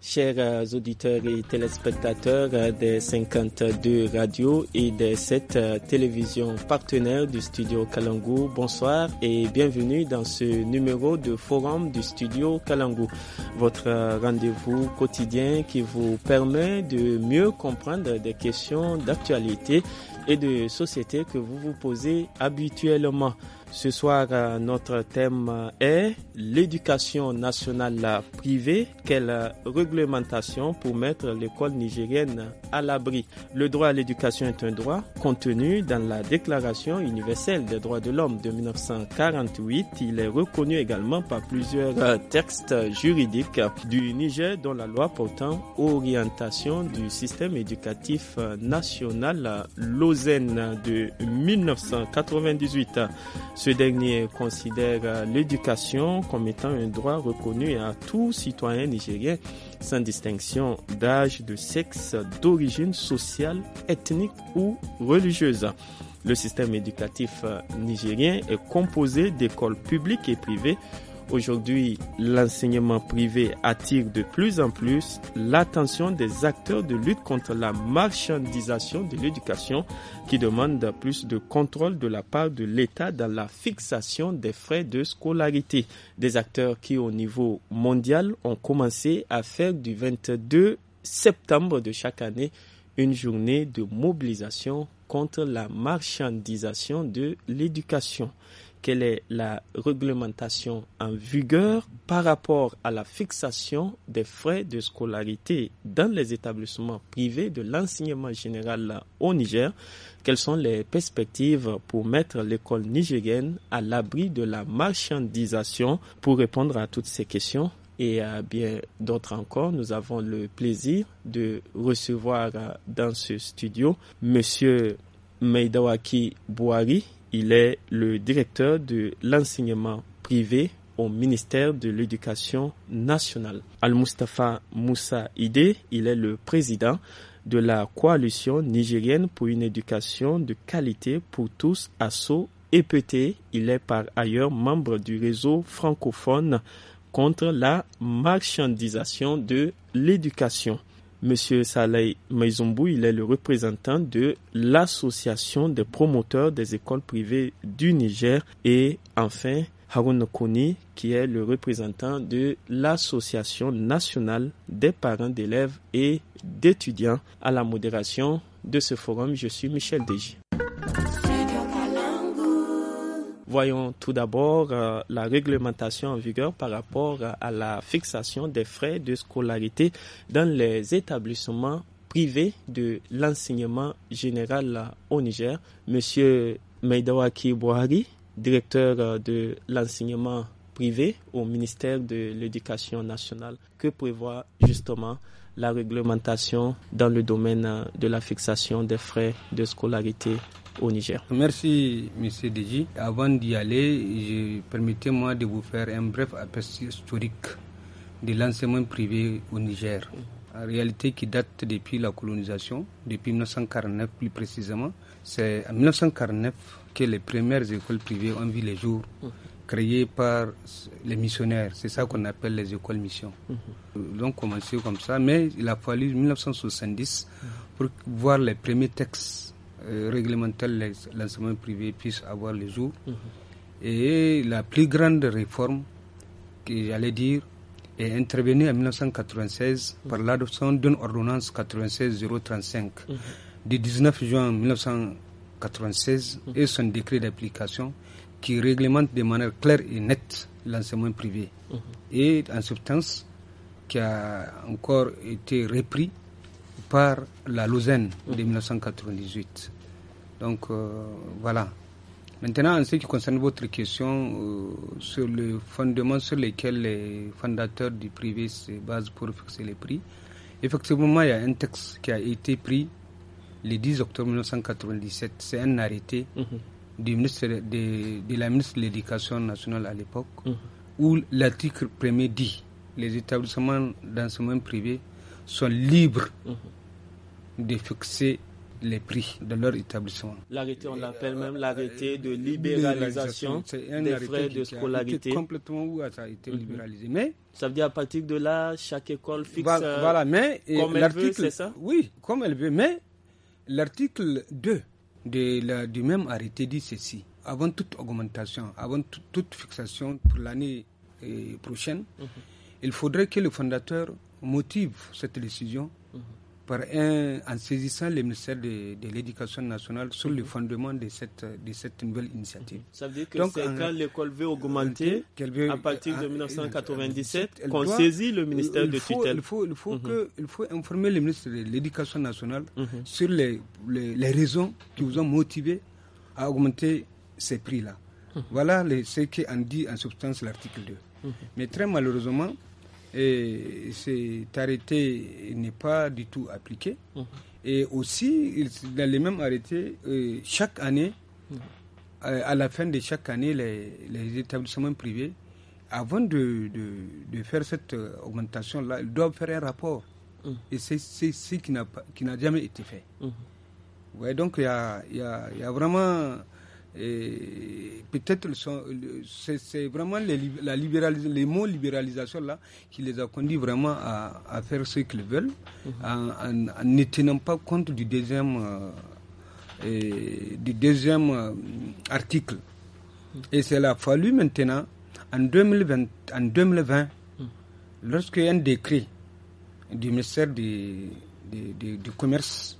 Chers euh, auditeurs et téléspectateurs euh, des 52 radios et des 7 euh, télévisions partenaires du studio Kalangu, bonsoir et bienvenue dans ce numéro de forum du studio Kalangu, votre rendez-vous quotidien qui vous permet de mieux comprendre des questions d'actualité et de société que vous vous posez habituellement. Ce soir, euh, notre thème euh, est l'éducation nationale euh, privée. Quelle réglementation pour mettre l'école nigérienne à l'abri Le droit à l'éducation est un droit contenu dans la Déclaration universelle des droits de l'homme de 1948. Il est reconnu également par plusieurs textes juridiques du Niger, dont la loi portant orientation du système éducatif national Lausanne de 1998. Ce dernier considère euh, l'éducation comme étant un droit reconnu à tout citoyen nigérien sans distinction d'âge, de sexe, d'origine sociale, ethnique ou religieuse. Le système éducatif euh, nigérien est composé d'écoles publiques et privées Aujourd'hui, l'enseignement privé attire de plus en plus l'attention des acteurs de lutte contre la marchandisation de l'éducation qui demandent plus de contrôle de la part de l'État dans la fixation des frais de scolarité. Des acteurs qui, au niveau mondial, ont commencé à faire du 22 septembre de chaque année une journée de mobilisation contre la marchandisation de l'éducation quelle est la réglementation en vigueur par rapport à la fixation des frais de scolarité dans les établissements privés de l'enseignement général au Niger, quelles sont les perspectives pour mettre l'école nigérienne à l'abri de la marchandisation pour répondre à toutes ces questions et à bien d'autres encore. Nous avons le plaisir de recevoir euh, dans ce studio Monsieur Meidawaki Bouhari, il est le directeur de l'enseignement privé au ministère de l'Éducation nationale. Al-Mustafa Moussa Ide, il est le président de la coalition nigérienne pour une éducation de qualité pour tous, et e pété. Il est par ailleurs membre du réseau francophone contre la marchandisation de l'éducation. Monsieur Saleh Maizumbu, il est le représentant de l'Association des promoteurs des écoles privées du Niger et enfin Harun Koni, qui est le représentant de l'Association nationale des parents d'élèves et d'étudiants à la modération de ce forum. Je suis Michel Deji. Voyons tout d'abord euh, la réglementation en vigueur par rapport euh, à la fixation des frais de scolarité dans les établissements privés de l'enseignement général euh, au Niger. Monsieur Meidawaki Bouhari, directeur de l'enseignement privé au ministère de l'Éducation nationale. Que prévoit justement la réglementation dans le domaine de la fixation des frais de scolarité au Niger. Merci, Monsieur Deji. Avant d'y aller, permettez-moi de vous faire un bref aperçu historique de l'enseignement privé au Niger. En réalité, qui date depuis la colonisation, depuis 1949 plus précisément. C'est en 1949 que les premières écoles privées ont vu les jours créées par les missionnaires. C'est ça qu'on appelle les écoles mission. Ils ont commencé comme ça, mais il a fallu 1970 pour voir les premiers textes euh, réglementaire les lancements privé puisse avoir le jour. Mhm. Et la plus grande réforme, que j'allais dire, est intervenue en 1996 par l'adoption d'une ordonnance 96-035 mhm. du 19 juin 1996 mhm. et son décret d'application qui réglemente de manière claire et nette l'enseignement privé. Et en substance, qui a encore été repris par la Lausanne mm. de 1998. Donc euh, voilà. Maintenant, en ce qui concerne votre question euh, sur le fondement sur lequel les fondateurs du privé se basent pour fixer les prix, effectivement, il y a un texte qui a été pris le 10 octobre 1997. C'est un arrêté mm-hmm. ministre de, la ministre de l'Éducation nationale à l'époque, mm-hmm. où l'article premier dit les établissements d'enseignement privé sont libres mm-hmm de fixer les prix de leur établissement. L'arrêté, on l'appelle même euh, l'arrêté de libéralisation des frais de scolarité. complètement où ça a été mhm. libéralisé. Mais ça veut dire à partir de là, chaque école fixe. Euh, voilà, mais l'article, c'est ça Oui, comme elle veut. Mais l'article 2 de la, du même arrêté dit ceci avant toute augmentation, avant toute fixation pour l'année euh, prochaine, mhm. il faudrait que le fondateur motive cette décision par un, en saisissant le ministère de, l'Éducation nationale sur le fondement de cette, de cette nouvelle initiative. Ça veut dire que quand l'école veut euh, augmenter, à partir de 1997, euh, qu'on saisit le ministère de faut, tutelle. Il faut, il faut, mhm. informer le ministère de l'Éducation nationale mhm. sur les, les, raisons qui vous ont motivé à augmenter ces prix-là. Mhm. Voilà les, ce qu'en dit en substance l'article 2. Mais très malheureusement, et cet arrêté n'est pas du tout appliqué. Mmh. Et aussi, dans les mêmes arrêtés, euh, chaque année, mmh. euh, à la fin de chaque année, les, établissements privés, avant de, de, faire cette euh, augmentation-là, ils doivent faire un rapport. Mmh. Et c'est ce qui n'a jamais été fait. Ouais, donc, il y a, y a, vraiment peut-être c'est vraiment les, la libéralisation, les mots libéralisation là qui les a conduits vraiment à, faire ce qu'ils veulent, mhm. en, en, ne tenant pas compte du deuxième, euh, et, du deuxième euh, article. Mhm. Et cela a fallu maintenant, en 2020, en 2020 mhm. lorsque un décret du ministère du, Commerce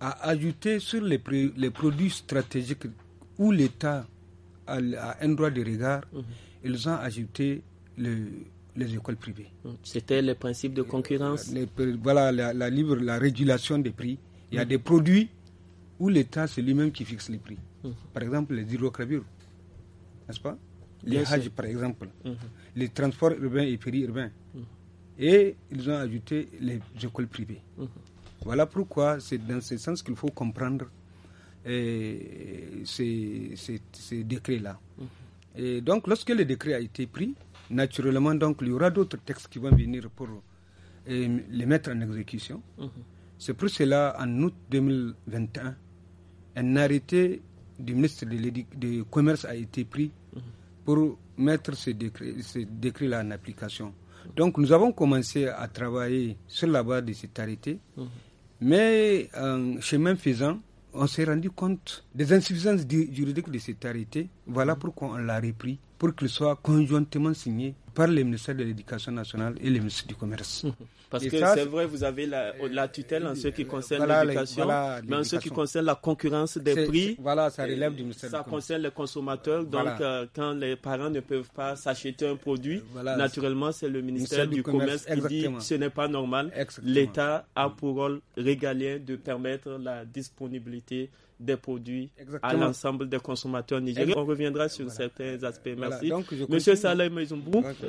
a ajouté sur les, les produits stratégiques où l'État a, un droit de regard, mhm. ils ont ajouté les écoles privées. Mhm. C'était le principe de concurrence euh, Voilà, la, libre, la régulation des prix. Il y a mhm. des produits où l'État, c'est lui-même qui fixe les prix. Par exemple, les hydrocarbures, n'est-ce pas Les hages, par exemple. Les transports urbains et périurbains. Et ils ont ajouté les écoles privées. Voilà pourquoi c'est dans ce sens qu'il faut comprendre et ces, décrets-là. Et donc, lorsque le décret a été pris, naturellement, donc, il y aura d'autres textes qui vont venir pour euh, les mettre en exécution. Mhm. C'est pour cela, en août 2021, un arrêté du ministre du Commerce a été pris mhm. pour mettre ce décret-là en application. Donc, nous avons commencé à travailler sur la base de cet arrêté, mhm. mais en chemin faisant, on s'est rendu compte des insuffisances juridiques de cette arrêté. Voilà pourquoi on l'a repris pour qu'il soit conjointement signé par le ministère de l'Éducation nationale et le ministère du Commerce. Parce que c'est vrai, vous avez la, tutelle en ce qui concerne l'éducation, mais en ce qui concerne la concurrence des prix, ça concerne les consommateurs, donc euh, quand les parents ne peuvent pas s'acheter un produit, euh, naturellement c'est le ministère, du, Commerce, qui dit ce n'est pas normal. L'État a pour rôle régalien de permettre la disponibilité des produits à l'ensemble des consommateurs nigériens. On reviendra sur certains aspects. Merci. Monsieur Saleh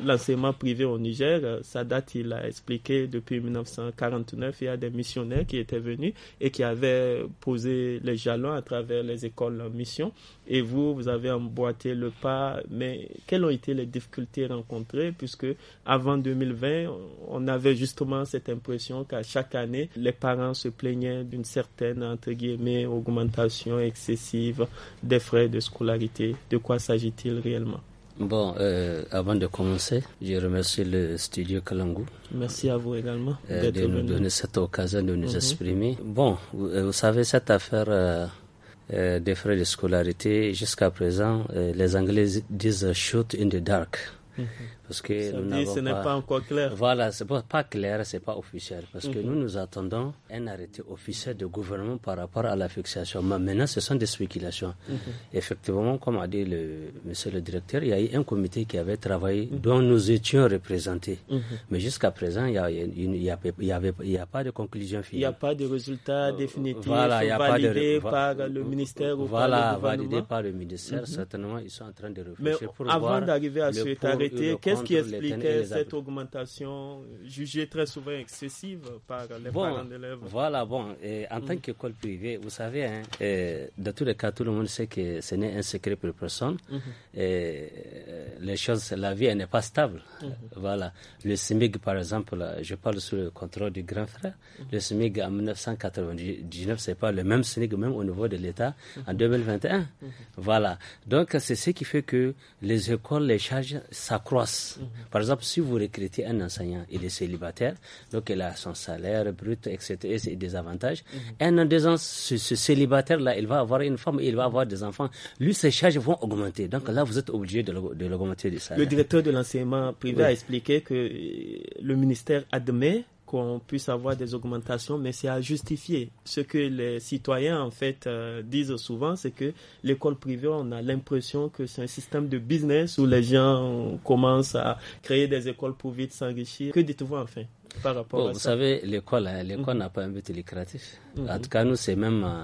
l'enseignement privé au Niger, euh, sa date, il a expliqué depuis 1949, il y a des missionnaires qui étaient venus et qui avaient posé les jalons à travers les écoles en mission. Et vous, vous avez emboîté le pas. Mais quelles ont été les difficultés rencontrées puisque avant 2020, on avait justement cette impression qu'à chaque année, les parents se plaignaient d'une certaine, entre guillemets, augmentation excessive des frais de scolarité. De quoi s'agit-il réellement Bon, euh, avant de commencer, je remercie le studio Kalangu. Merci à vous également euh, de nous donner cette occasion de nous mhm. exprimer. Bon, euh, vous, savez, cette affaire des frais de scolarité, jusqu'à présent, les Anglais disent shoot in the dark. Mhm. Parce que ce n'est pas encore clair. Voilà, ce n'est pas, clair, ce n'est pas officiel. Parce que nous, mhm. nous attendons un arrêté officiel du gouvernement par rapport à la fixation. Mais maintenant, ce sont des spéculations. Mhm. Effectivement, comme a dit le, monsieur le directeur, il y a eu un comité qui avait travaillé, dont nous étions représentés. Mais jusqu'à présent, il n'y a, y a, avait, y a pas de conclusion finale. Euh, il n'y a pas de résultat définitif voilà, validé par le ministère ou voilà, validé par le ministère. Certainement, ils sont en train de réfléchir Mais avant d'arriver à ce état Qu'est-ce qui expliquait cette augmentation jugée très souvent excessive par les parents d'élèves Voilà, bon, en tant mm. qu'école privée, vous savez, hein, de tous les cas, tout le monde sait que ce n'est un secret pour personne. Mm-hmm. Euh, les choses, la vie, n'est pas stable. Mm-hmm. Voilà. Le SMIG, par exemple, je parle sous le contrôle du grand frère. Mm-hmm. Le SMIG en 1999, c'est pas le même SMIG, même au niveau de l'État, en 2021. Voilà. Donc, c'est ce qui fait que les écoles, les charges, ça Par exemple, si vous recrutez un enseignant, il est célibataire, donc il a son salaire brut, etc., et des avantages. Mhm. Un an, deux ce, célibataire-là, il va avoir une femme, il va avoir des enfants. Lui, ses charges vont augmenter. Donc là, vous êtes obligé de l'augmenter du salaire. Le directeur de l'enseignement privé a expliqué que le ministère admet qu'on puisse avoir des augmentations, mais c'est à justifier. Ce que les citoyens, en fait, euh, disent souvent, c'est que l'école privée, on a l'impression que c'est un système de business où les gens commencent à créer des écoles pour vite s'enrichir. Que dites-vous, enfin par rapport à ça? vous savez, l'école, hein, l'école mhm. n'a pas un but lucratif. Mhm. En tout cas, nous, c'est même euh,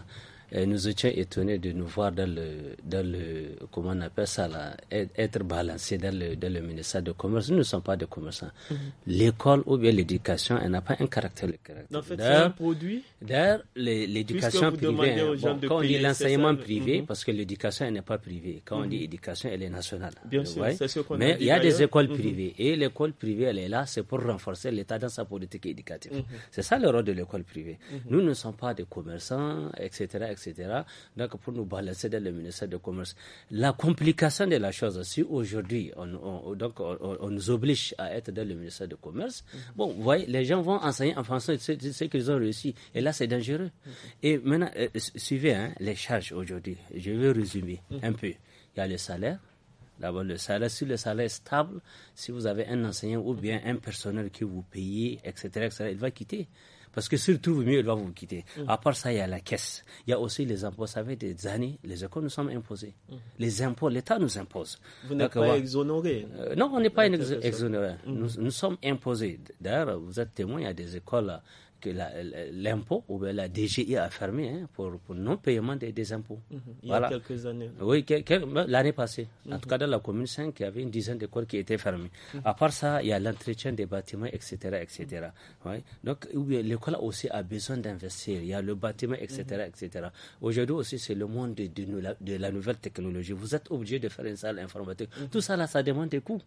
nous étions étonnés de nous voir dans le, dans le comment on appelle ça, être balancé dans le, dans le ministère de commerce. Nous ne sommes pas des commerçants. Mhm. L'école ou bien l'éducation, elle n'a pas un caractère. En fait, c'est un produit. D'ailleurs, l'éducation privée, hein, quand on dit l'enseignement privé, mhm. parce que l'éducation, elle n'est pas privée. Quand on dit mhm. éducation, elle est nationale. Hein, bien sûr, Mais il y a des écoles privées. Et l'école privée, elle est là, c'est pour renforcer l'État dans sa politique éducative. C'est ça le rôle de l'école privée. Nous ne sommes pas des commerçants, etc. etc etc. Donc, pour nous balancer dans le ministère du Commerce. La complication de la chose, si aujourd'hui, on, donc, on, nous oblige à être dans le ministère du Commerce, mhm. bon, vous voyez, les gens vont enseigner en français ce, qu'ils ont réussi. Et là, c'est dangereux. Mhm. Et maintenant, euh, euh, suivez hein, les charges aujourd'hui. Je vais résumer mhm. un peu. Il y a le salaire. D'abord, le salaire, si le salaire est stable, si vous avez un enseignant ou bien un personnel que vous payez, etc., etc., il va quitter. Parce que surtout vous mieux, il va vous quitter. Mm. À part ça, il y a la caisse. Il y a aussi les impôts. Ça fait des années, les écoles nous sommes imposés. Mm. Les impôts, l'État nous impose. Vous n'êtes pas exonérés euh, Non, on n'est pas exonérés. Mm. Nous, sommes imposés. D'ailleurs, vous êtes témoin, il y a des écoles que l'impôt ou la DGI a fermé hein, pour, non-paiement des, impôts. Mhm. Il y a quelques années. Oui, l'année passée. En mhm. tout cas, dans la commune 5, il y avait une dizaine d'écoles qui étaient fermées. Mhm. À part ça, il y a l'entretien des bâtiments, etc. etc. Donc, l'école aussi a besoin d'investir. Il y a le bâtiment, etc. etc. Aujourd'hui aussi, c'est le monde de, de, la nouvelle technologie. Vous êtes obligé de faire une salle informatique. Tout ça, là, ça demande des coûts.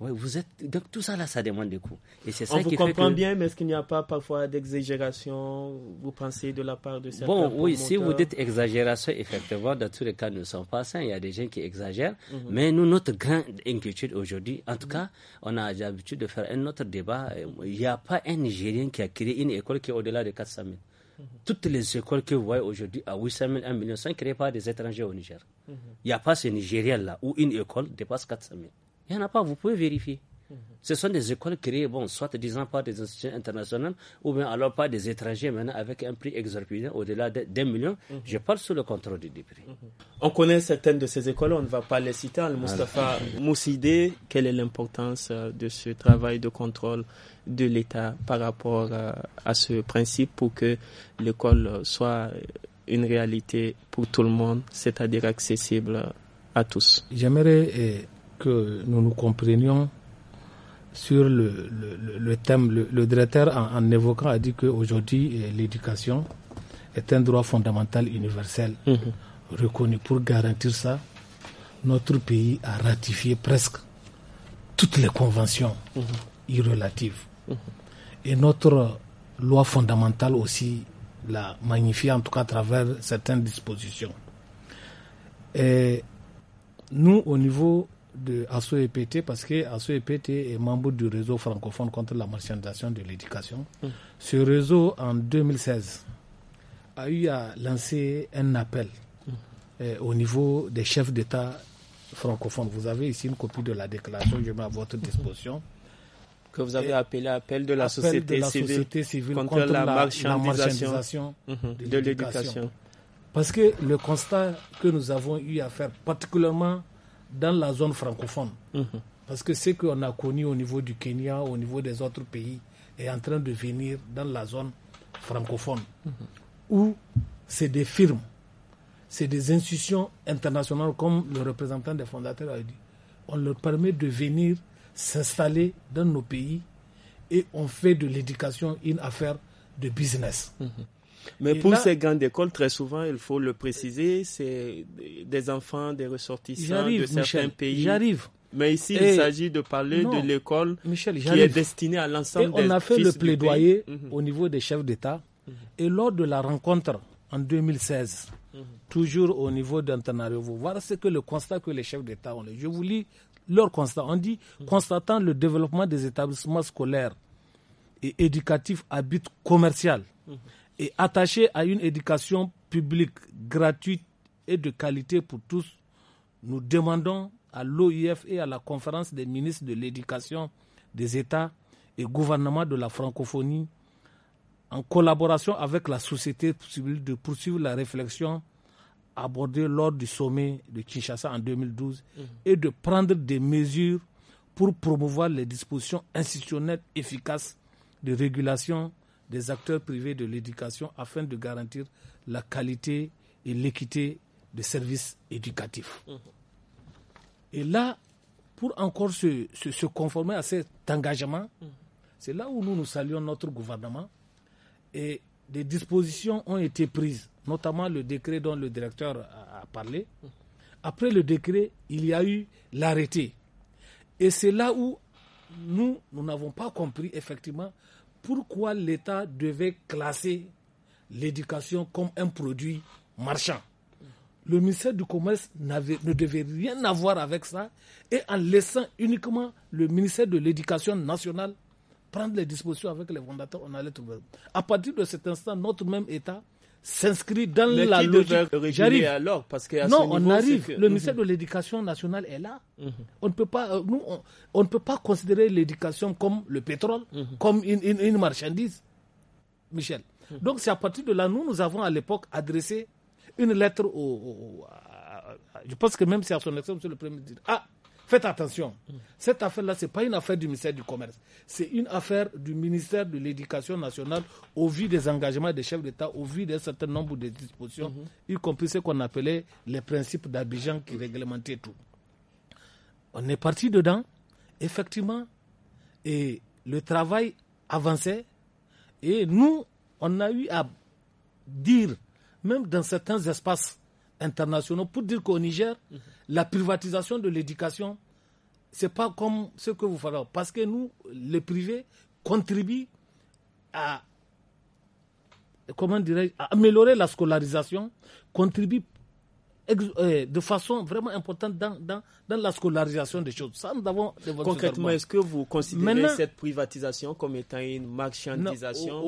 Ouais, vous êtes donc tout ça là, ça demande des coûts. Et c'est ça On qui vous comprend bien, mais est-ce qu'il n'y a pas parfois d'exagération Vous pensez de la part de certains Bon, oui, si vous dites exagération, effectivement, dans tous les cas, nous sommes pas sains. Il y a des gens qui exagèrent, mhm. mais nous, notre grande inquiétude aujourd'hui, en tout cas, on a l'habitude de faire un autre débat. Il n'y a pas un Nigérien qui a créé une école qui est au-delà de 400 000. Mhm. Toutes les écoles que vous voyez aujourd'hui à 800 000, 1 million sont créées par des étrangers au Niger. Mhm. Il n'y a pas ce Nigérien-là où une école dépasse 400 000. Il n'y en a pas, vous pouvez vérifier. Mhm. Ce sont des écoles créées, bon, soit disant par des institutions internationales, ou bien alors par des étrangers maintenant avec un prix exorbitant au-delà d'un million. Mhm. Je parle sous le contrôle du prix. Mhm. On connaît certaines de ces écoles, on ne va pas les citer. Al-Mustafa Moussidé, quelle est l'importance euh, de ce travail de contrôle de l'État par rapport euh, à ce principe pour que l'école soit une réalité pour tout le monde, c'est-à-dire accessible à tous J'aimerais euh, nous nous comprenions sur le, thème. Le, directeur, en, évoquant, a dit qu'aujourd'hui, eh, l'éducation est un droit fondamental universel mhm. reconnu. Pour garantir ça, notre pays a ratifié presque toutes les conventions mhm. irrelatives mhm. Et notre loi fondamentale aussi l'a magnifiée, en tout cas à travers certaines dispositions. Et nous, au niveau de ASSO e parce que ASSO e est membre du réseau francophone contre la marchandisation de l'éducation. Hum. Ce réseau, en 2016, a eu à lancer un appel hum. euh, au niveau des chefs d'État francophones. Vous avez ici une copie de la déclaration, je mets à votre hum. disposition. Que vous avez appelé appel de la, société, civile contre, la, la, marchandisation, de l'éducation. Parce que le constat que nous avons eu à faire, particulièrement dans la zone francophone. Mhm. Parce que ce qu'on a connu au niveau du Kenya, au niveau des autres pays, est en train de venir dans la zone francophone, mhm. où c'est des firmes, c'est des institutions internationales, comme le représentant des fondateurs a dit. On leur permet de venir s'installer dans nos pays et on fait de l'éducation une affaire de business. Mhm. Mais pour ces grandes écoles, très souvent, il faut le préciser, c'est des enfants, des ressortissants de certains pays. J'arrive. Mais ici, il s'agit de parler de l'école qui est destinée à l'ensemble des On a fait le plaidoyer mhm. au niveau des chefs d'État. Mhm. Et lors de la rencontre en 2016, mhm. toujours au niveau vous voir ce que le constat que les chefs d'État ont. Je vous lis leur constat. On dit constatant le développement des établissements scolaires et éducatifs à but commercial et attaché à une éducation publique gratuite et de qualité pour tous, nous demandons à l'OIF et à la conférence des ministres de l'éducation des États et gouvernements de la francophonie, en collaboration avec la société civile, de poursuivre la réflexion abordée lors du sommet de Kinshasa en 2012 mhm. et de prendre des mesures pour promouvoir les dispositions institutionnelles efficaces de régulation des acteurs privés de l'éducation afin de garantir la qualité et l'équité des services éducatifs. Mm-hmm. Et là, pour encore se, conformer à cet engagement, mm-hmm. c'est là où nous, nous saluons notre gouvernement et des dispositions ont été prises, notamment le décret dont le directeur a, parlé. Mm-hmm. Après le décret, il y a eu l'arrêté. Et c'est là où nous, nous n'avons pas compris effectivement pourquoi l'État devait classer l'éducation comme un produit marchand Le ministère du Commerce ne devait rien avoir avec ça et en laissant uniquement le ministère de l'Éducation nationale prendre les dispositions avec les fondateurs, on allait trouver. À partir de cet instant, notre même État s'inscrit dans la logique. J'arrive alors parce que à non, on arrive. Le mhm. ministère de l'Éducation nationale est là. Mhm. On ne peut pas, euh, nous, on, ne peut pas considérer l'éducation comme le pétrole, mhm. comme une, une, marchandise, Michel. Donc c'est à partir de là, nous, nous avons à l'époque adressé une lettre au, je pense que même si à son sur le premier ministre. Ah, Faites attention. Cette affaire-là, ce n'est pas une affaire du ministère du Commerce. C'est une affaire du ministère de l'Éducation nationale au vu des engagements des chefs d'État, au vu d'un certain nombre de dispositions, mhm. y compris ce qu'on appelait les principes d'Abidjan qui réglementaient tout. On est parti dedans, effectivement, et le travail avançait. Et nous, on a eu à dire, même dans certains espaces, pour dire qu'au Niger, mhm. la privatisation de l'éducation, ce n'est pas comme ce que vous ferez. Parce que nous, les privés contribuent à, comment à améliorer la scolarisation, contribuent euh, de façon vraiment importante dans, dans, dans la scolarisation des choses. Ça, nous avons Concrètement, est-ce que vous considérez cette privatisation comme étant une marchandisation euh,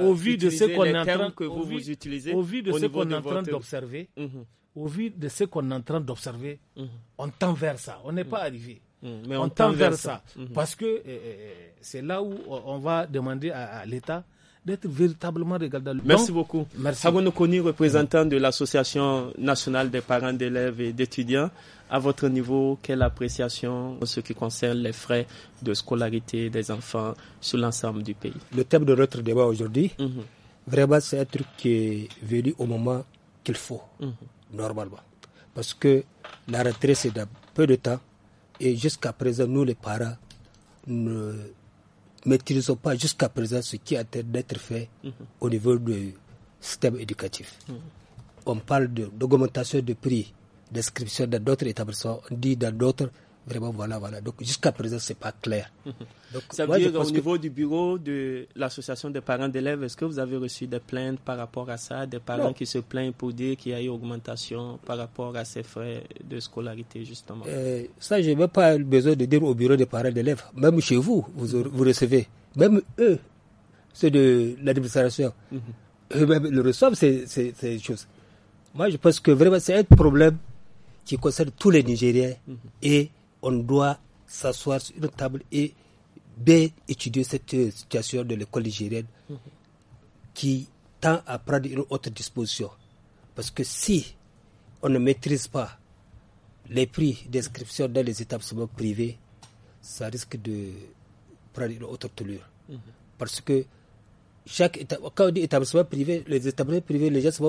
au, vu, de ce qu'on est en train que vous, utilisez, de ce qu'on est en train d'observer, mhm. au vu de ce qu'on est en train d'observer, mhm. on tend vers ça. On n'est pas mhm. arrivé. Mais on, tend vers ça, parce que euh, c'est là où on va demander à l'État d'être véritablement regardable. Merci beaucoup. Merci. connu représentant de l'Association nationale des parents d'élèves et d'étudiants, à votre niveau, quelle appréciation en ce qui concerne les frais de scolarité des enfants sur l'ensemble du pays Le thème de notre débat aujourd'hui, mhm. vraiment, c'est un truc qui est venu au moment qu'il faut, mhm. normalement. Parce que la retraite, c'est d'un peu de temps. Et jusqu'à présent, nous, les parents, ne maîtrisons pas jusqu'à présent ce qui a d'être fait mhm. au niveau du système éducatif. Mhm. On parle d'augmentation de, prix d'inscription dans d'autres établissements, on dit dans d'autres Vraiment, voilà, voilà. Donc, jusqu'à présent, c'est pas clair. Donc, Ça veut dire au niveau du bureau de l'association des parents d'élèves, est-ce que vous avez reçu des plaintes par rapport à ça, des parents qui se plaignent pour dire qu'il y a eu augmentation par rapport à ces frais de scolarité, justement euh, Ça, je n'ai pas besoin de dire au bureau des parents d'élèves. Même chez vous, vous, recevez. Même eux, ceux de l'administration, mhm. eux-mêmes le reçoivent, ces, choses. Moi, je pense que vraiment, c'est un problème qui concerne tous les Nigériens mhm. et on doit s'asseoir sur une table et bien étudier cette situation de l'école nigérienne qui tend à prendre une autre disposition. Parce que si on ne maîtrise pas les prix d'inscription dans les établissements privés, ça risque de prendre une autre tournure. Parce que chaque quand on dit établissement privé, les établissements privés, les gens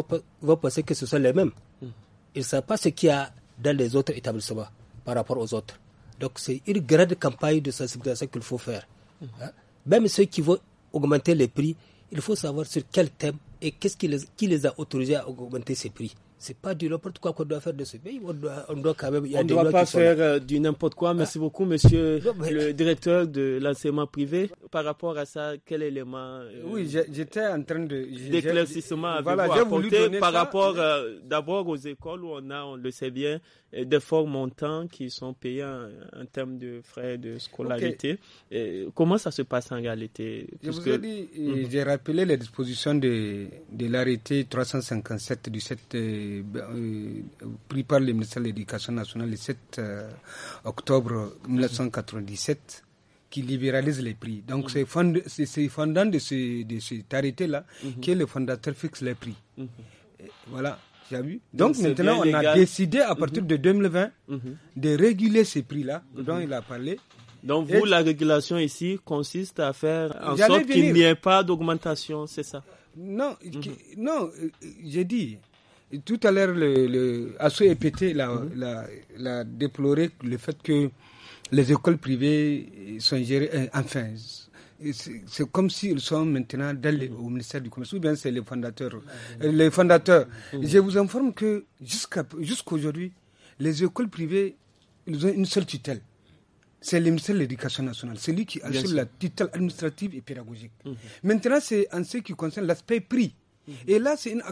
vont, penser que ce sont les mêmes. Ils ne savent pas ce qu'il y a dans les autres établissements par rapport aux autres. Donc c'est une grande campagne de sensibilisation qu'il faut faire. Hein. Même ceux qui veulent augmenter les prix, il faut savoir sur quel thème et qu'est-ce qui qui les a autorisés à augmenter ces prix c'est pas du n'importe quoi qu'on doit faire de ce pays. On doit, quand même. Y a on ne doit pas faire euh, du n'importe quoi. Merci ah. beaucoup, monsieur le directeur de l'enseignement privé. Par rapport à ça, quel élément euh, Oui, j'étais en train de. D'éclaircissement avec vous apporter par rapport euh, d'abord aux écoles où on a, on le sait bien, des forts montants qui sont payés en, termes de frais de scolarité. comment ça se passe en réalité Je vous mhm. j'ai rappelé les dispositions de, de l'arrêté 357 du 7 euh, pris par le ministère de l'Éducation nationale le 7 euh, octobre 1997 qui libéralise les prix. Donc mhm. c'est fondant de, ce, de là qui mhm. que le fondateur fixe les prix. Mhm. Voilà. Vu. Donc, maintenant, on a décidé à partir de 2020 de réguler ces prix-là dont il a parlé. Donc vous, la régulation ici consiste à faire en sorte qu'il n'y ait pas d'augmentation, c'est ça Non, non euh, j'ai dit, tout à l'heure, le, le Asso EPT l'a, mhm. déploré le fait que les écoles privées sont gérées, euh, enfin, c'est comme s'ils sont maintenant mhm. au ministère du Commerce, ou bien c'est les fondateurs. Ah, euh, les fondateurs. Mhm. Je vous informe que jusqu'à, jusqu'aujourd'hui, les écoles privées, ils ont une seule tutelle. C'est le ministère de l'Éducation nationale. C'est lui qui assure la tutelle administrative et pédagogique. Maintenant, c'est en ce qui concerne l'aspect prix. Et là, c'est une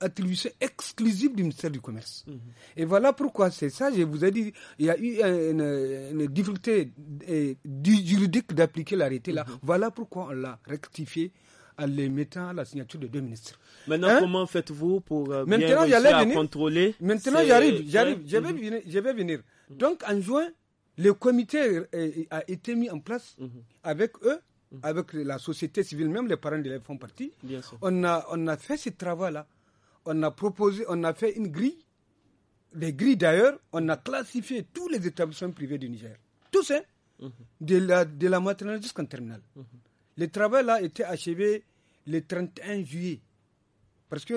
attribution exclusive du ministère du Commerce. Mhm. Et voilà pourquoi c'est ça, je vous ai dit, il y a eu une, difficulté eh, juridique d'appliquer l'arrêté là. Mhm. Voilà pourquoi on l'a rectifié en les mettant à la signature de deux ministres. Maintenant, hein? comment faites-vous pour euh, bien contrôler Maintenant, j'arrive, j'arrive, mhm. je, vais venir, Donc, en juin, le comité eh, a été mis en place avec eux avec la société civile, même les parents de font partie. On a, on a fait ce travail-là on a proposé, on a fait une grille. Les grilles d'ailleurs, on a classifié tous les établissements privés du Niger. Tous, hein mhm. de, la, de maternelle jusqu'en terminale. Mhm. Le travail a été achevé le 31 juillet. Parce que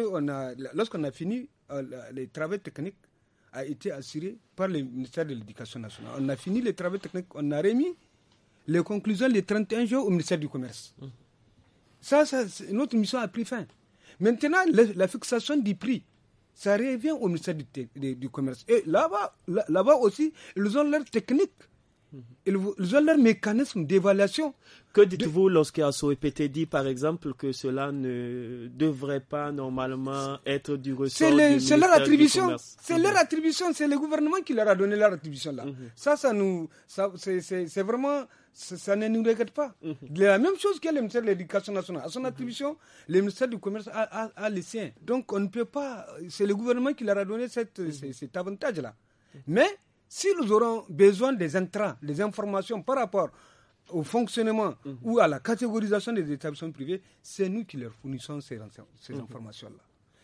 lorsqu'on a fini, euh, les travail techniques a été assuré par le ministère de l'Éducation nationale. On a fini les travaux techniques, on a remis les conclusions les 31 jours au ministère du Commerce. Mhm. ça notre mission a pris fin. Maintenant, la fixation du prix, ça revient au ministère du, Commerce. Et là-bas là, aussi, ils ont leur technique ils ont leur mécanisme d'évaluation. Que dites-vous lorsque lorsqu'il dit, par exemple, que cela ne devrait pas normalement être du ressort C'est leur attribution. C'est leur mhm. attribution. C'est le gouvernement qui leur a donné leur attribution là. Mhm. Ça, ça nous, c'est vraiment, ça, ne nous regrette pas. C'est mhm. La même chose que le ministère de l'Éducation nationale. À son attribution, le ministère du Commerce a, les siens. Donc, on ne peut pas. C'est le gouvernement qui leur a donné cet avantage là. Mais si nous aurons besoin des intrants, des informations par rapport au fonctionnement mhm. ou à la catégorisation des établissements privés, c'est nous qui leur fournissons ces, mhm. informations-là.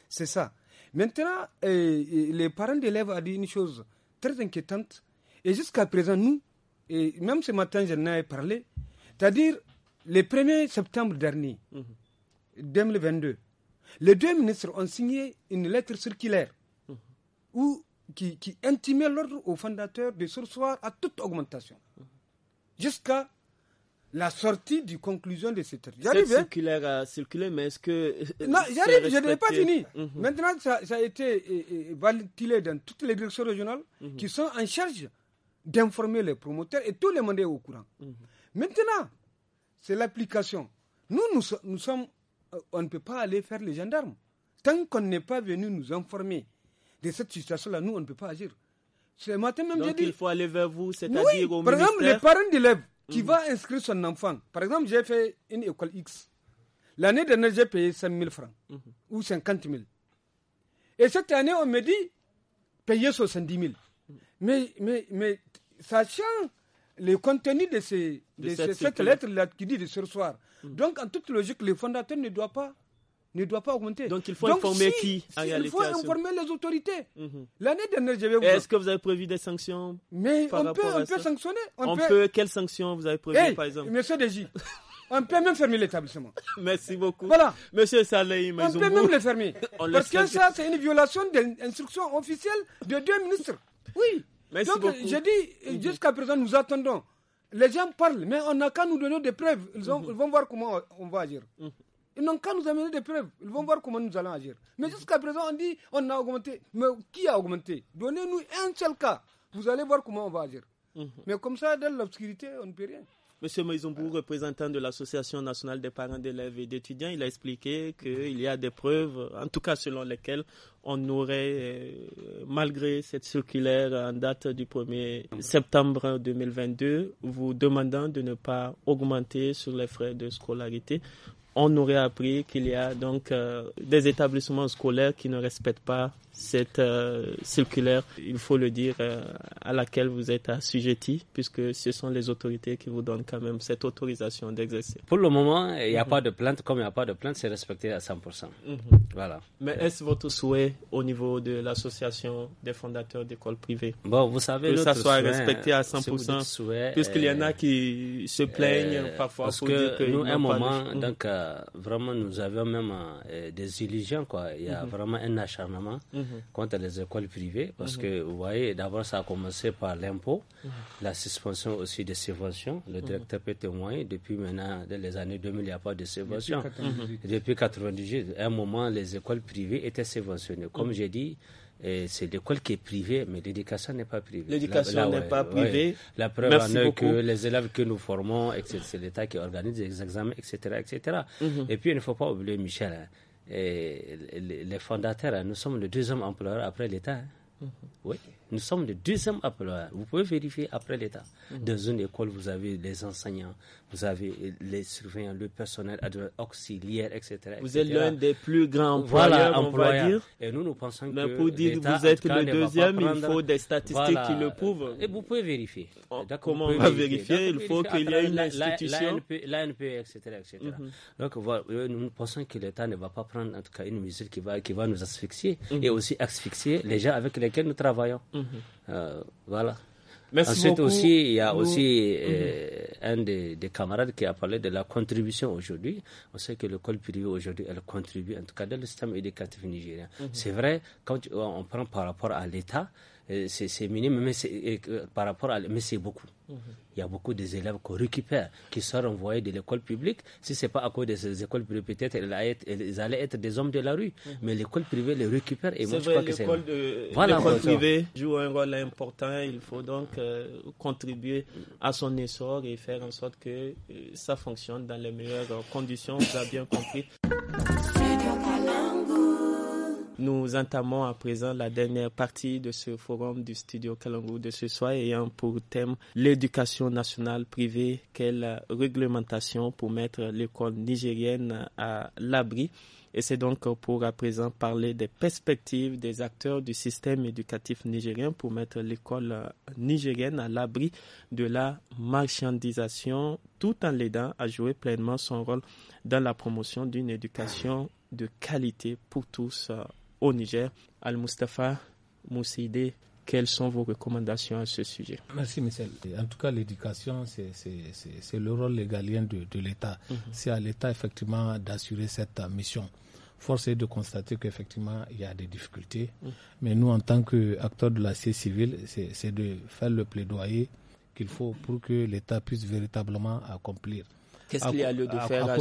C'est ça. Maintenant, les parents d'élèves ont dit une chose très inquiétante. Et jusqu'à présent, nous, et même ce matin, j'en ai parlé, c'est-à-dire le 1er septembre dernier, 2022, mhm. les deux ministres ont signé une lettre circulaire où qui, qui intimait l'ordre aux fondateurs de sursoir à toute augmentation. Jusqu'à la sortie du conclusion de cette J'arrive. Hein? circulaire mais est-ce que. Euh, non, j'arrive, je n'ai pas fini. Mhm. Maintenant, ça, a été euh, euh, validé dans toutes les directions régionales mhm. qui sont en charge d'informer les promoteurs et tous les mandats au courant. Mhm. Maintenant, c'est l'application. Nous, nous, nous sommes. On ne peut pas aller faire les gendarmes. Tant qu'on n'est pas venu nous informer de cette situation-là, nous, on ne peut pas agir. Ce matin même, j'ai dit. il faut aller vers vous, c'est-à-dire oui, Par exemple, les parents d'élèves qui mmh. vont inscrire son enfant. Par exemple, j'ai fait une école X. L'année dernière, j'ai payé 5 000 francs mmh. ou 50 000. Et cette année, on me dit payer 70 000. Mmh. Mais, mais, mais sachant le contenu de, ces, cette, lettre-là qui dit de ce soir, donc en toute logique, le fondateur ne doit pas ne doit pas augmenter. Donc il faut informer qui Il faut informer les autorités. Mhm. L'année dernière, je Est-ce que vous avez prévu des sanctions Mais on, peut, sanctionner. On, peut... Quelles sanctions vous avez prévues, par exemple Monsieur Deji, on peut même fermer l'établissement. Merci beaucoup. Voilà. Monsieur Saleh, On peut même le fermer. Parce que ça, c'est une violation instructions officielles de deux ministres. Oui. Donc, je dis, mhm. jusqu'à présent, nous attendons. Les gens parlent, mais on n'a qu'à nous donner des preuves. Ils, mhm. vont voir comment on va agir. Ils n'ont qu'à nous amener des preuves. Ils vont voir comment nous allons agir. Mais jusqu'à présent, on dit on a augmenté. Mais qui a augmenté Donnez-nous un seul cas. Vous allez voir comment on va agir. Mhm. Mais comme ça, dans l'obscurité, on ne peut rien. Monsieur Maizombou, représentant de l'Association nationale des parents d'élèves et d'étudiants, il a expliqué qu'il y a des preuves, en tout cas selon lesquelles on aurait, euh, malgré cette circulaire en date du 1er septembre 2022, vous demandant de ne pas augmenter sur les frais de scolarité on aurait appris qu'il y a donc euh, des établissements scolaires qui ne respectent pas cette euh, circulaire, il faut le dire, euh, à laquelle vous êtes assujetti, puisque ce sont les autorités qui vous donnent quand même cette autorisation d'exercer. Pour le moment, il n'y a mhm. pas de plainte. Comme il n'y a pas de plainte, c'est respecté à 100%. Mhm. Voilà. Mais est-ce votre souhait au niveau de l'association des fondateurs d'écoles privées Bon, vous savez, que ça soit respecté à 100%, hein, puisqu'il y en a euh, qui se plaignent parfois parce que nous à un moment, donc vraiment, nous avions même des illusions. Quoi. Il y a mhm. vraiment un acharnement contre mhm. les écoles privées, parce mhm. que vous voyez, d'abord ça a commencé par l'impôt, mhm. la suspension aussi des subventions. Le directeur peut témoigner, depuis maintenant, dès les années 2000, il n'y a pas de subvention. Depuis 98, à un moment, les écoles privées étaient subventionnées. Comme j'ai dit, c'est l'école qui est privée, mais l'éducation n'est pas privée. L'éducation n'est pas privée. La preuve en est que les élèves que nous formons, c'est l'État qui organise les examens, etc. etc. Et puis, il ne faut pas oublier, Michel, hein, les fondateurs, hein, nous sommes le deuxième employeur après l'État. Hein. Mhm. Oui, nous sommes le deuxième employeur. Vous pouvez vérifier après l'État. Mhm. Dans une école, vous avez les enseignants, vous avez les surveillants, le personnel auxiliaire, etc. Vous êtes l'un des plus grands employeurs, à dire. Et nous, nous pensons que. Mais pour dire que vous êtes le deuxième, il faut des statistiques qui le prouvent. Et vous pouvez vérifier. Oh, comment on va vérifier, Il faut qu'il y ait une institution. L'ANP, etc. etc. Donc, euh, nous pensons que l'État ne va pas prendre, en tout cas, une mesure qui va, nous asphyxier mm-hmm. et aussi asphyxier les gens avec lesquels nous travaillons. Mm-hmm. Euh, voilà. Merci Ensuite aussi, il y a aussi mhm. euh, un des, camarades qui a parlé de la contribution aujourd'hui. On sait que l'école privée aujourd'hui, elle contribue, en tout cas dans le système éducatif nigérien. Mhm. C'est vrai, quand on prend par rapport à l'État, euh, c'est minime, mais c'est par rapport à, mais c'est beaucoup. Il y a beaucoup d'élèves qu'on récupère, qui sont renvoyés de l'école publique. Si ce n'est pas à cause de ces écoles privées, peut-être ils allaient être des hommes de la rue. Mhm. Mais l'école privée les récupère. Et moi, je crois que c'est. L'école privée joue un rôle important. Il faut donc euh, contribuer à son essor et faire en sorte que euh, ça fonctionne dans les meilleures conditions. Vous avez bien compris. Nous entamons à présent la dernière partie de ce forum du studio Kalangou de ce soir ayant pour thème l'éducation nationale privée. Quelle réglementation pour mettre l'école nigérienne à l'abri et c'est donc pour à présent parler des perspectives des acteurs du système éducatif nigérien pour mettre l'école nigérienne à l'abri de la marchandisation tout en l'aidant à jouer pleinement son rôle dans la promotion d'une éducation de qualité pour tous au Niger. Al-Mustafa Moussidé, quelles sont vos recommandations à ce sujet Merci Michel. En tout cas, l'éducation, c'est le rôle légalien de, de l'État. Mhm. C'est à l'État effectivement d'assurer cette euh, mission. Force est de constater qu'effectivement, il y a des difficultés. Mhm. Mais nous, en tant qu'acteurs de la société civile, c'est de faire le plaidoyer qu'il faut pour que l'État puisse véritablement accomplir Qu'est-ce qu'il y a lieu de faire à,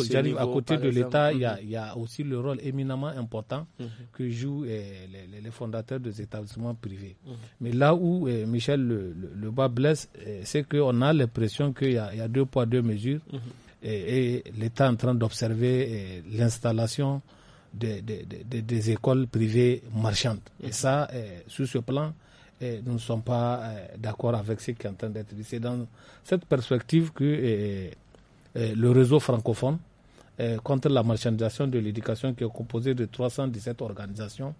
côté de l'État, mhm. il, y, a aussi le rôle éminemment important mhm. que jouent eh, les, fondateurs des établissements privés. Mhm. Mais là où eh, Michel le, le, bas blesse, eh, c'est qu'on a l'impression qu'il y, a deux poids, deux mesures. Et, l'État est en train d'observer l'installation des, écoles privées marchandes. Et ça, sous ce plan, et nous ne sommes pas d'accord avec ce qui est en train d'être dit. C'est dans cette perspective que euh, le réseau francophone euh, contre la marchandisation de l'éducation qui est composé de 317 organisations,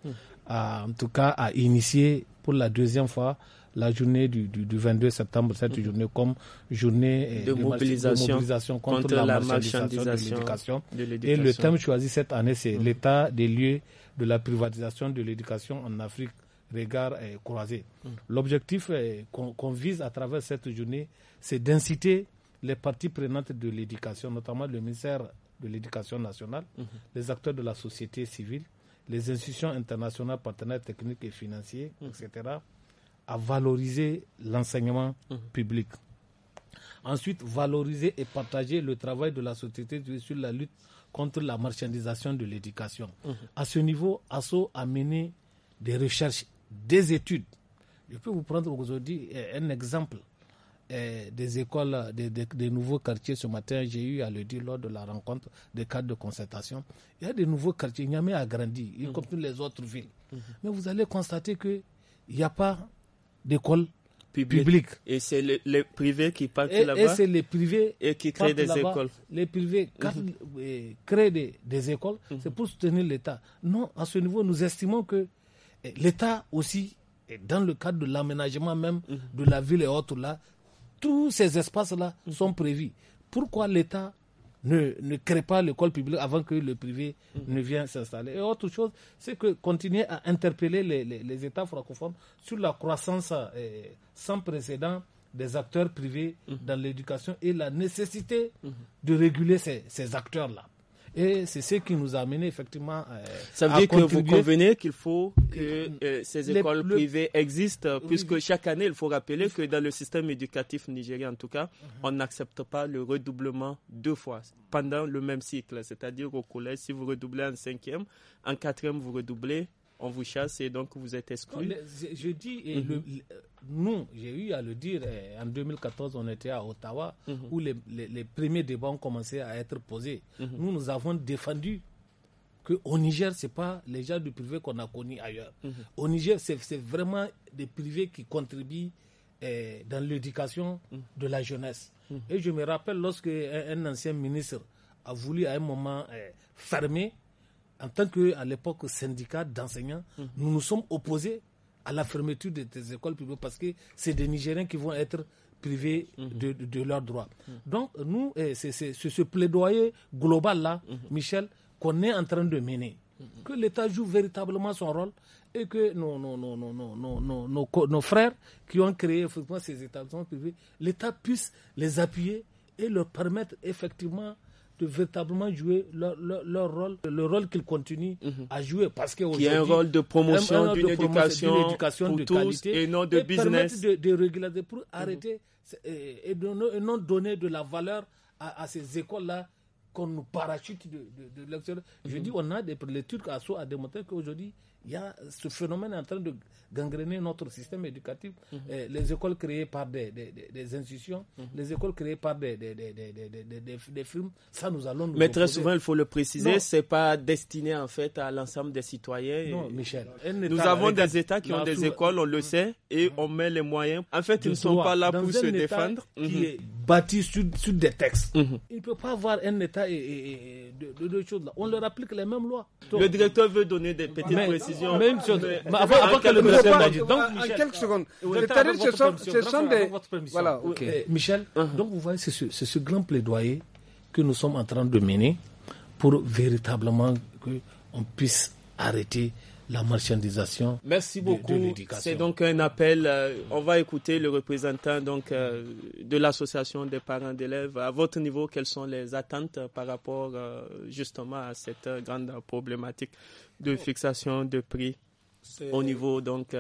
a, hmm. en tout cas a initié pour la deuxième fois la journée du, 22 septembre, cette hmm. journée comme journée euh, de, mobilisation, contre, la, marchandisation, de l'éducation. Et le thème choisi cette année, c'est hmm. l'état des lieux de la privatisation de l'éducation en Afrique, regard croisé. L'objectif qu'on vise à travers cette journée, c'est d'inciter les parties prenantes de l'éducation, notamment le ministère de l'Éducation nationale, mhm. les acteurs de la société civile, les institutions internationales, partenaires techniques et financiers, mhm. etc., à valoriser l'enseignement mhm. public. Ensuite, valoriser et partager le travail de la société sur la lutte contre la marchandisation de l'éducation. À ce niveau, ASSO a mené des recherches, des études. Je peux vous prendre aujourd'hui un exemple. Eh, des écoles, des, nouveaux quartiers. Ce matin, j'ai eu à le dire lors de la rencontre des cadres de concertation. Il y a des nouveaux quartiers. Niamey a grandi, mm comme toutes les autres villes. Mhm. Mais vous allez constater qu'il n'y a pas d'école publique. Et c'est les, privés qui partent là-bas. Et c'est les privés et qui créent des écoles. Les privés mhm. eh, créent des, écoles, mhm. c'est pour soutenir l'État. Non, à ce niveau, nous estimons que eh, l'État aussi, dans le cadre de l'aménagement même de la ville et autres là, tous ces espaces-là sont prévus. Pourquoi l'État ne, crée pas l'école publique avant que le privé ne vienne s'installer Et autre chose, c'est que continuer à interpeller les, États francophones sur la croissance eh, sans précédent des acteurs privés dans l'éducation et la nécessité de réguler ces acteurs-là. Et c'est ce qui nous a amené effectivement à. Euh, Ça veut dire que vous convenez qu'il faut que euh, ces écoles privées existent, puisque chaque année, il faut rappeler que dans le système éducatif nigérien, en tout cas, on n'accepte pas le redoublement deux fois pendant le même cycle. C'est-à-dire au collège, si vous redoublez en cinquième, en quatrième, vous redoublez on vous chasse et donc vous êtes exclu. je, dis, mhm. nous, j'ai eu à le dire, eh, en 2014, on était à Ottawa, mhm. où les, premiers débats ont commencé à être posés. Mhm. Nous, nous avons défendu que au Niger, c'est pas les gens du privé qu'on a connus ailleurs. Au Niger, c'est vraiment des privés qui contribuent eh, dans l'éducation de la jeunesse. Et je me rappelle lorsque un, ancien ministre a voulu à un moment eh, fermer en tant à l'époque syndicat d'enseignants, mhm. nous nous sommes opposés à la fermeture des, des écoles publiques parce que c'est des Nigériens qui vont être privés mhm. de, de, leurs droits. Mhm. Donc, nous, eh, c'est ce plaidoyer global-là, Michel, qu'on est en train de mener. Que l'État joue véritablement son rôle et que nos, nos, nos, nos frères qui ont créé effectivement ces établissements privés, l'État puisse les appuyer et leur permettre effectivement de véritablement jouer leur, rôle, le rôle qu'ils continuent mhm. à jouer. Parce que Qui est un rôle de promotion d'une éducation, éducation, pour de tous qualité et non de business. De, de pour mhm. arrêter euh, et, non donner de la valeur à, ces écoles-là qu'on nous parachute de, l'extérieur. Je mhm. dis, on a des, les Turcs à démontrer démontré qu'aujourd'hui, il y a ce phénomène en train de gangréner notre système éducatif. Mhm. Eh, les écoles créées par des, des, institutions, mhm. les écoles créées par des, des, films, ça nous allons nous Mais très souvent, il faut le préciser, ce n'est pas destiné en fait à l'ensemble des citoyens. Non, Michel. Nous avons des États qui ont des écoles, on le mm. sait, et mm. on met les moyens. En fait, ils ne sont pas là pour se défendre. Qui mm-hmm. est bâti sur, sur des textes. Mm-hmm. Il ne peut pas avoir un État et, deux choses là. On leur applique les mêmes lois. le directeur veut donner des petites précisions. Même chose. avant, avant que le commissaire l'a dit. Donc, en quelques secondes. C'est-à-dire ce sont, ce sont des. Voilà, ok. Euh, Michel, uh-huh. donc vous voyez, c'est ce, ce grand plaidoyer que nous sommes en train de mener pour véritablement qu'on puisse arrêter la marchandisation. Merci beaucoup. C'est donc un appel. Euh, on va écouter le représentant donc euh, de l'association des parents d'élèves. À votre niveau, quelles sont les attentes par rapport euh, justement à cette grande problématique de fixation de prix au niveau donc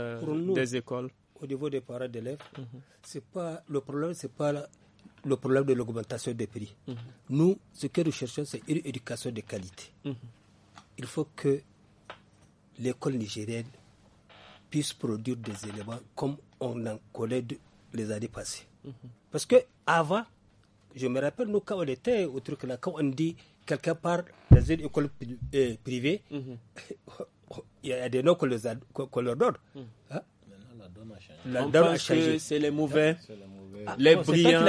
des écoles Au niveau des parents d'élèves, mhm. c'est pas le problème, c'est pas le problème de l'augmentation des prix. Mhm. Nous, ce que nous cherchons, c'est une éducation de qualité. Mhm. Il faut que l'école nigérienne puisse produire des éléments comme on en connaît les années passées. Mhm. Parce que avant, je me rappelle, nous, quand on était au truc là, quand on dit quelqu'un part dans une école euh, privée, mhm. il y a des noms qu'on leur donne. Mhm. Hein? La donne a changé. C'est les mauvais, les ah, brillants.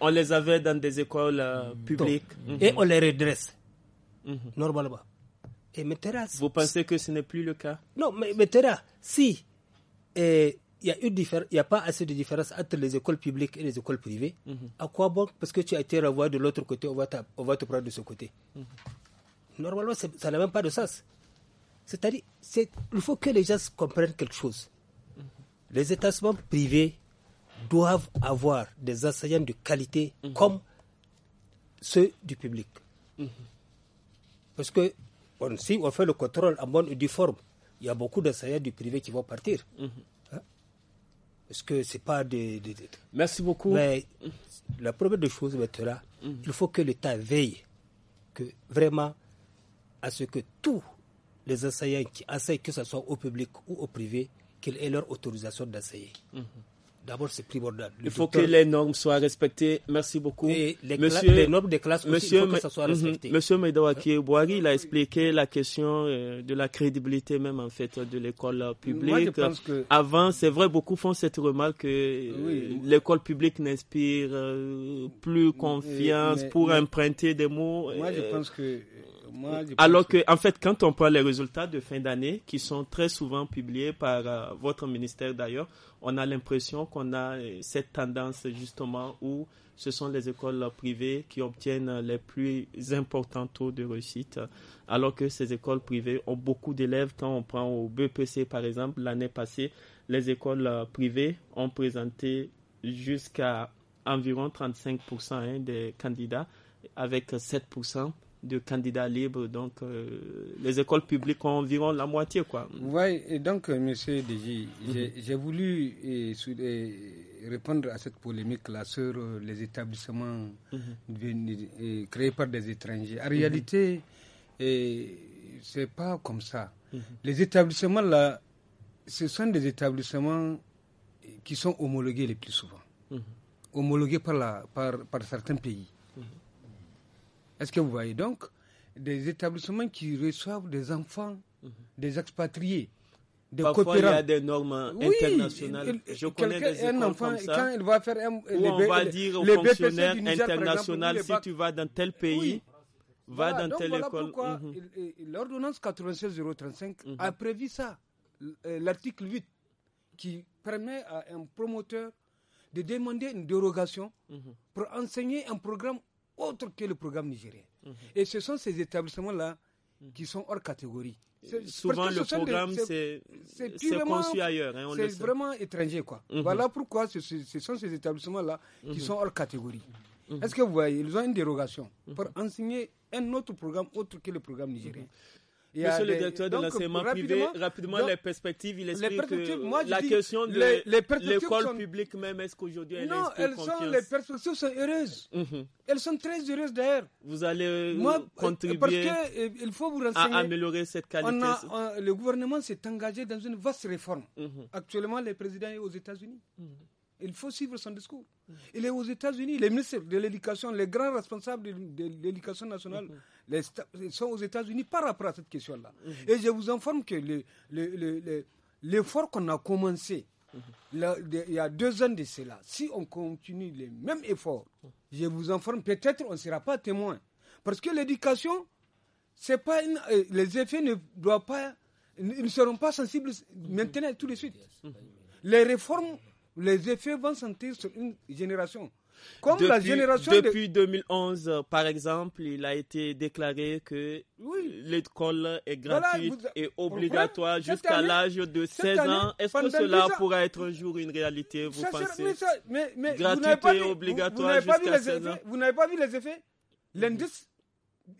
On les avait dans des écoles euh, publiques. et on les redresse, normalement. Vous pensez que ce n'est plus le cas Non, mais Metera, si eh, il n'y a, a, pas assez de différence entre les écoles publiques et les écoles privées. Mhm. À quoi bon Parce que tu as été revoir de l'autre côté, on va, te prendre de ce côté. Mhm. Normalement, ça n'a même pas de sens. C'est-à-dire, il faut que les gens comprennent quelque chose. Mhm. Les établissements privés doivent avoir des enseignants de qualité comme ceux du public. Parce que on, si on fait le contrôle en bonne et forme, il y a beaucoup d'enseignants du privé qui vont partir. Parce mhm. hein? que c'est pas des, Merci beaucoup. Mais la première des choses mhm. il faut que l'État veille que vraiment à ce que tous les enseignants qui enseignent, que ce soit au public ou au privé, qu'ils aient leur autorisation d'enseigner. D'abord, c'est primordial. il faut que les normes soient respectées. Merci beaucoup. Et les, monsieur, normes des classes, aussi, il faut que ça soit mhm. respecté. Monsieur Medawaki Boari, il a expliqué la question euh, de la crédibilité même en fait de l'école publique. Avant, c'est vrai, beaucoup font cette remarque que euh, l'école publique n'inspire euh, plus confiance pour emprunter des mots. Moi, je pense que alors que, en fait, quand on prend les résultats de fin d'année, qui sont très souvent publiés par euh, votre ministère d'ailleurs, on a l'impression qu'on a euh, cette tendance justement où ce sont les écoles privées qui obtiennent les plus importants taux de réussite, alors que ces écoles privées ont beaucoup d'élèves. Quand on prend au BPC, par exemple, l'année passée, les écoles euh, privées ont présenté jusqu'à environ 35% hein, des candidats, avec 7% de candidats libres. Donc, euh, les écoles publiques ont environ la moitié, quoi. Oui, et donc, euh, monsieur DJ, j'ai mhm. voulu euh, répondre à cette polémique-là sur les établissements mhm. créés par des étrangers. En mhm. réalité -hmm. réalité, c'est pas comme ça. Les établissements, là, ce sont des établissements qui sont homologués les plus souvent. Homologués par, la, par, par certains pays. Est-ce que vous voyez donc des établissements qui reçoivent des enfants, mhm. des expatriés, des Parfois, il y a des normes internationales. Je connais des écoles va faire un, on va dire aux fonctionnaires internationaux, si tu vas dans tel pays, va dans telle école. pourquoi mhm. L'ordonnance 96035 035 mhm. a prévu ça. Euh, l'article 8 qui permet à un promoteur de demander une dérogation pour enseigner un programme autre que le programme nigérien. Et ce sont ces établissements-là qui sont hors catégorie. Souvent, le programme, c'est conçu ailleurs. Hein, c'est vraiment étranger, quoi. Mhm. Voilà pourquoi ce, ce sont ces établissements-là qui mhm. sont hors catégorie. Mhm. Est-ce que vous voyez, ils ont une dérogation pour enseigner un autre programme autre que le programme nigérien. Monsieur le directeur de l'enseignement privé, rapidement les perspectives, il explique la question de l'école publique même, est-ce qu'aujourd'hui elle Non, est elles confiance? sont, les perspectives sont heureuses. Mhm. Elles sont très heureuses d'ailleurs. Vous allez euh, moi, euh, contribuer euh, à améliorer cette qualité. le gouvernement s'est engagé dans une vaste réforme. Mhm. Actuellement, le président est aux États-Unis. Mhm. Il faut suivre son discours. Il est aux États-Unis. Les ministres de l'éducation, les grands responsables de, l'éducation nationale, mhm. les, sont aux États-Unis par rapport à cette question-là. Mhm. Et je vous informe que l'effort qu'on a commencé mhm. il y a deux ans de cela, si on continue les mêmes efforts, je vous informe, peut-être on ne sera pas témoin. Parce que l'éducation, c'est pas une, euh, les effets ne doivent pas, ne seront pas sensibles maintenant tout de suite. Les réformes les effets vont sentir sur une génération. depuis, la génération depuis 2011, euh, par exemple, il a été déclaré que l'école est gratuite et obligatoire jusqu'à l'âge de 16 ans. Est-ce que cela pourra être un jour une réalité, vous pensez et obligatoire jusqu'à 16 ans. Vous n'avez pas vu les effets L'indice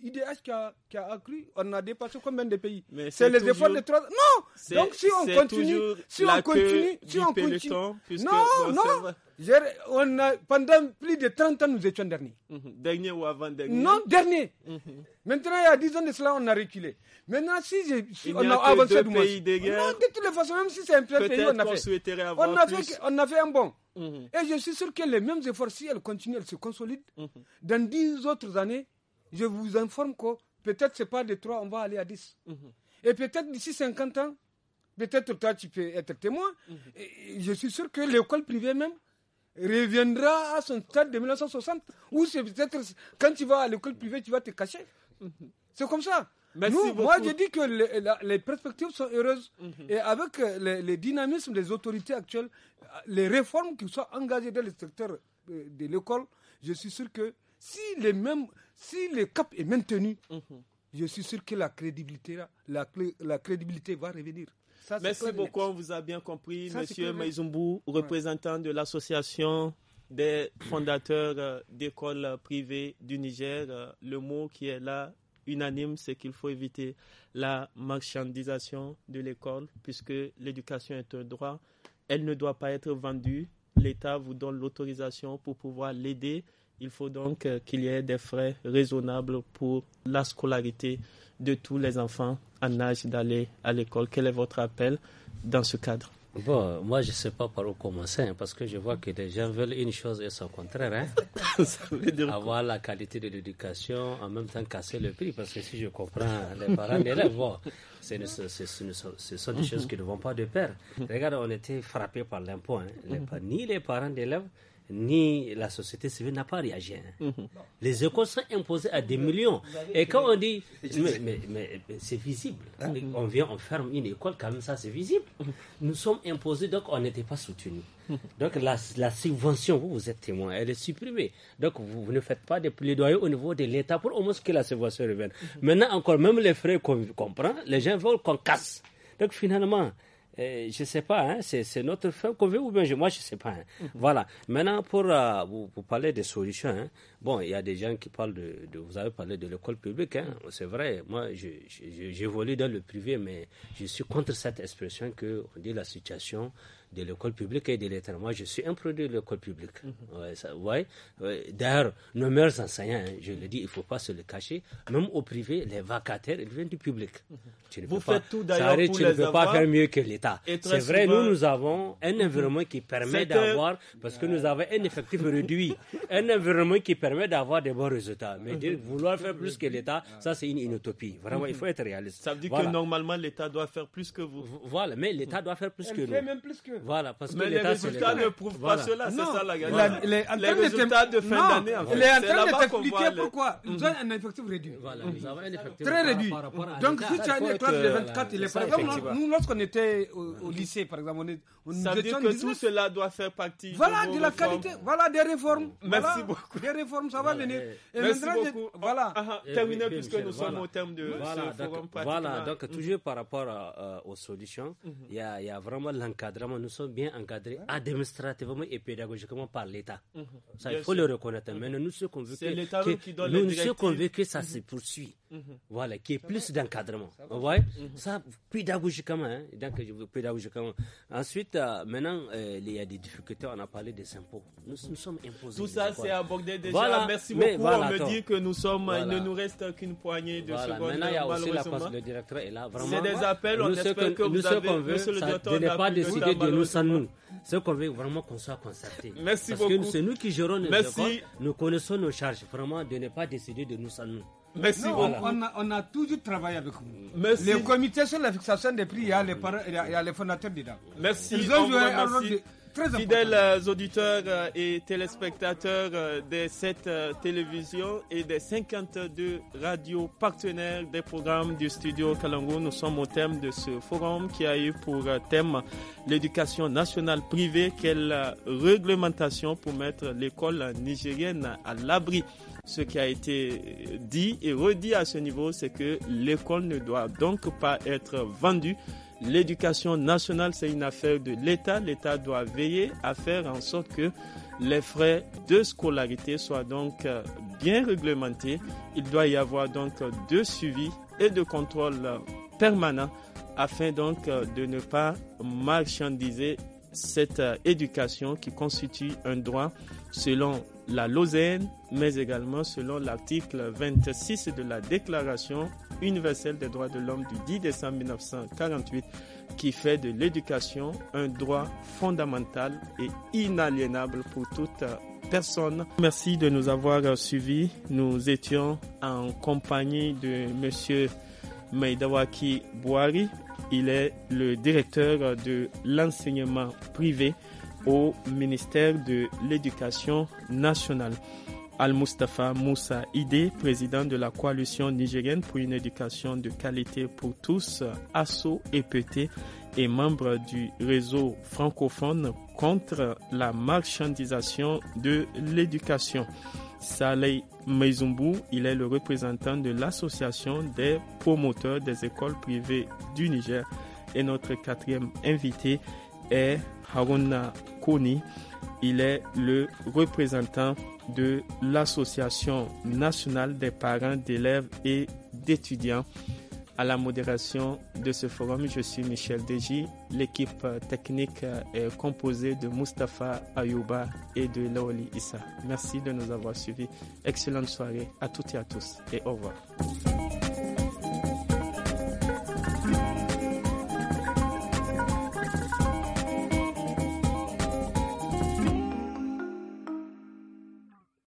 IDH qui a, accru, on a dépassé combien de pays C'est les efforts de trois. Non Donc si on continue, si on continue, si on continue. non, non, on pendant plus de 30 ans, nous étions derniers. Mhm. Dernier ou avant-dernier Non, dernier. Mhm. Maintenant, il y a 10 ans de cela, on a reculé. Maintenant, si, on a, avancé du moins. Non, de toutes les façons, même si c'est un peu... pays, on a fait. on a On a un bon. Mhm. Et je suis sûr que les mêmes efforts, si elles continuent, elles se consolident, dans 10 autres années, je vous informe que peut-être c'est pas de 3, on va aller à 10. Mhm. Et peut-être d'ici 50 ans, peut-être toi tu peux être témoin. Mhm. et je suis sûr que l'école privée même reviendra à son stade de 1960, Ou c'est peut-être quand tu vas à l'école privée, tu vas te cacher. Mhm. C'est comme ça. moi, je dis que les, perspectives sont heureuses. Et avec euh, le dynamisme des autorités actuelles, euh, les réformes qui sont engagées dans le secteur euh, de l'école, je suis sûr que si les mêmes, si le cap est maintenu, mhm. je suis sûr que la crédibilité, va revenir. Merci beaucoup, on vous a bien compris. Monsieur Maizumbu, représentant de l'association des fondateurs euh, d'écoles privées du Niger, euh, le mot qui est là unanime, c'est qu'il faut éviter la marchandisation de l'école, puisque l'éducation est un droit. Elle ne doit pas être vendue. L'État vous donne l'autorisation pour pouvoir l'aider il faut donc euh, qu'il y ait des frais raisonnables pour la scolarité de tous les enfants en âge d'aller à l'école. Quel est votre appel dans ce cadre moi je ne sais pas par où commencer hein, parce que je vois que les gens veulent une chose et son contraire. Hein. Avoir la qualité de l'éducation en même temps casser le prix parce que si je comprends les parents d'élèves, ce, sont des choses qui ne vont pas de pair. Regarde, on était frappé par l'impôt. Hein. Ni les parents d'élèves ni la société civile n'a pas réagi. Hein. Mhm. Les écoles sont imposées à des millions. Et quand on dit, mais, c'est visible. Ah. On mhm. vient, on ferme une école, quand même ça c'est visible. Mhm. Nous sommes imposés, donc on n'était pas soutenus. Donc la, subvention, vous, vous êtes témoin, elle est supprimée. Donc vous, ne faites pas de plaidoyer au niveau de l'État pour au moins que la subvention revienne. Maintenant encore, même les frais qu'on les gens veulent qu'on casse. Donc finalement, eh, je ne sais pas, hein, c'est notre femme qu'on veut ou bien je, moi, je ne sais pas. Hein. Mhm. Voilà. Maintenant, pour euh, vous, parler des solutions, hein. bon, il y a des gens qui parlent de, vous avez parlé de l'école publique, hein. mhm. c'est vrai. Moi, j'évolue dans le privé, mais je suis contre cette expression qu'on dit la situation de l'école publique et de l'État. Moi, je suis un produit de l'école publique. Mhm. D'ailleurs, nos meilleurs enseignants, hein, je le dis, il ne faut pas se le cacher, même au privé, les vacataires, ils viennent du public. Mhm. tu ne Vous peux faites pas, tout d'ailleurs tu ne peux pas faire mieux que l'État. C'est vrai, nous, nous avons un mhm. environnement qui permet d'avoir, parce que nous avons un effectif réduit, un environnement qui permet d'avoir des bons résultats. Mais vouloir faire plus que l'État, ça, c'est une, utopie. Vraiment, il faut être réaliste. Ça veut dire que normalement, l'État doit faire plus que vous. Voilà, mais l'État doit faire plus que nous. Même plus que voilà, parce que les résultats ne prouvent pas cela, c'est ça la galère. Les, résultats de fin d'année, en fait. bas en train pourquoi. Nous avons mhm. un effectif réduit. Voilà, nous mhm. avons un effectif Très réduit. Donc, si tu as une classe de 24, euh, il est par exemple, nous, lorsqu'on était au mhm. lycée, par exemple, on nous Ça veut dire que tout cela doit faire partie. Voilà, de la qualité. Voilà, des réformes. Merci beaucoup. Des réformes, ça va venir. Eh, merci beaucoup. Voilà. Ah, ah, eh, terminé, puisque nous sommes au terme de ce forum. Voilà, donc, toujours par rapport euh, aux solutions, il y a vraiment l'encadrement nous sommes bien encadrés administrativement et pédagogiquement par l'État. Mhm. Ça, il faut le reconnaître. Mais nous, sommes convaincus que ça se poursuit. Mmh. Voilà, qui est plus d'encadrement. Vous voyez mmh. Ça, pédagogiquement. Hein, donc, pédagogiquement. Ensuite, euh, maintenant, euh, il y a des difficultés. On a parlé des impôts. Nous, nous sommes imposés. Tout ça, c'est abordé déjà. Voilà. Merci beaucoup. Voilà, on me dit que nous sommes, il ne nous reste qu'une poignée de secondes. Maintenant, il y a aussi la passe, le directeur est là. Vraiment. C'est des appels. On espère que, nous, vous avez, veut, de ne pas décider de nous sans nous. Ce qu'on veut vraiment qu'on soit concerté. Merci beaucoup. Parce que c'est nous qui gérons nos Merci. nous connaissons nos charges. Vraiment, de ne pas décider de nous sans nous. Merci On a, toujours travaillé avec vous. Les comités sur la fixation des prix, il y a les, il fondateurs dedans. Merci. Fidèles auditeurs et téléspectateurs euh, de cette euh, télévision et des 52 radios partenaires des programmes du studio Kalango, nous sommes au thème de ce forum qui a eu pour euh, thème l'éducation nationale privée, quelle réglementation pour mettre l'école nigérienne à l'abri ce qui a été dit et redit à ce niveau, c'est que l'école ne doit donc pas être vendue. L'éducation nationale, c'est une affaire de l'État. L'État doit veiller à faire en sorte que les frais de scolarité soient donc euh, bien réglementés. Il doit y avoir donc de suivi et de contrôle euh, permanent afin donc euh, de ne pas marchandiser cette éducation qui constitue un droit selon la Lausanne, mais également selon l'article 26 de la Déclaration universelle des droits de l'homme du 10 décembre 1948, qui fait de l'éducation un droit fondamental et inaliénable pour toute personne. Merci de nous avoir suivis. Nous étions en compagnie de Monsieur Maïdawaki Boari. Il est le directeur de l'enseignement privé au ministère de l'Éducation nationale. Al-Mustafa Moussa Ide, président de la coalition nigérienne pour une éducation de qualité pour tous, ASSO ept est et membre du réseau francophone contre la marchandisation de l'éducation. Saleh Meizumbu, il est le représentant de l'association des promoteurs des écoles privées du Niger. Et notre quatrième invité est Haruna Kouni, Il est le représentant de l'Association nationale des parents d'élèves et d'étudiants. À la modération de ce forum, je suis Michel Deji. L'équipe technique est composée de Mustapha Ayouba et de Laoli Issa. Merci de nous avoir suivis. Excellente soirée à toutes et à tous et au revoir.